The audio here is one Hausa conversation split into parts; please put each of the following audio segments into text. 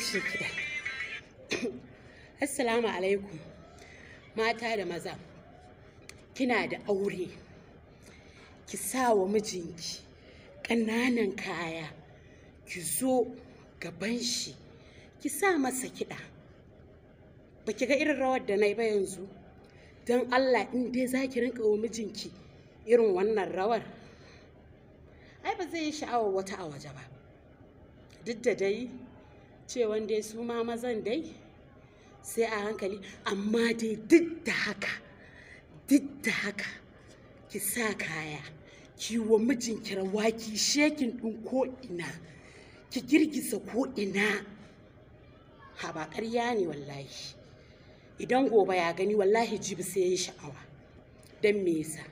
tashi kiɗa assalamu alaikum mata da maza kina da aure ki sa wa mijinki ƙananan kaya ki zo gaban shi ki sa masa kiɗa ba ki ga irin rawar da na yi ba yanzu don allah in dai za ki rinka wa mijinki irin wannan rawar ai ba zai yi sha'awar wata a waje ba duk da dai cewan dai su ma mazan dai sai a hankali amma dai duk da haka duk da haka ki sa kaya ki wa mijin rawa ki shekin ɗin ko'ina ki girgiza ko'ina ha ba ƙarya ne wallahi idan gobe ya gani wallahi jibi sai ya sha'awa dan me yasa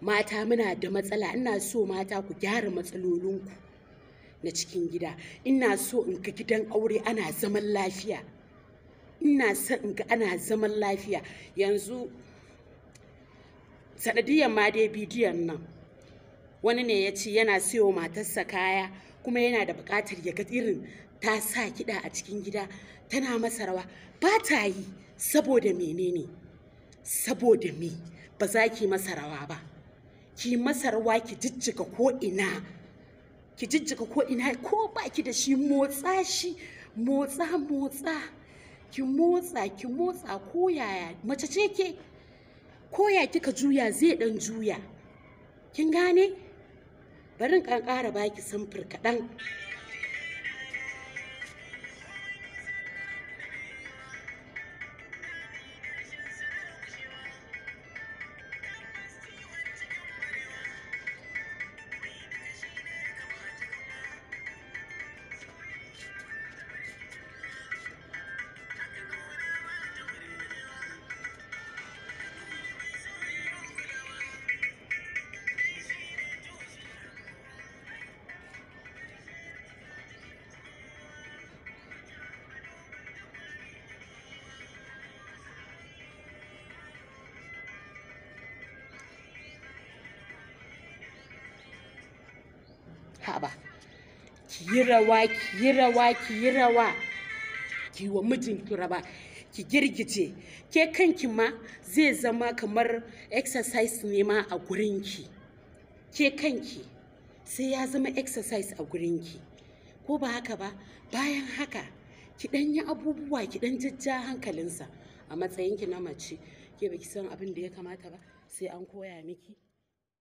mata muna da matsala ina so mata ku gyara matsalolinku na cikin gida ina so in ga gidan aure ana zaman lafiya ina so in ga ana zaman lafiya yanzu sanadiyar ma dai bidiyon nan wani ne ya ce yana siyo matarsa kaya kuma yana da bukatar ya ga irin ta sa kiɗa a cikin gida tana masa rawa ba ta yi saboda menene saboda me ba za ki masa rawa ba ki masa rawa ki jijjiga ko ina ki jijjiga ko ina ko baki da shi motsa shi motsa motsa ki motsa ki motsa ko yaya mace ce ke ko ya kika juya zai dan juya kin gane bari in ƙara baki samfur kaɗan ba ki yi rawa ki yi rawa ki yi rawa ki wa ki rawa ki girgice ke kanki ma zai zama kamar exercise ne ma a gurinki ke kanki sai ya zama exercise a gurinki ko ba haka ba bayan haka ki dan yi abubuwa ki dan jajja hankalinsa a matsayinki na mace ke baki san abin da ya kamata ba sai an koya miki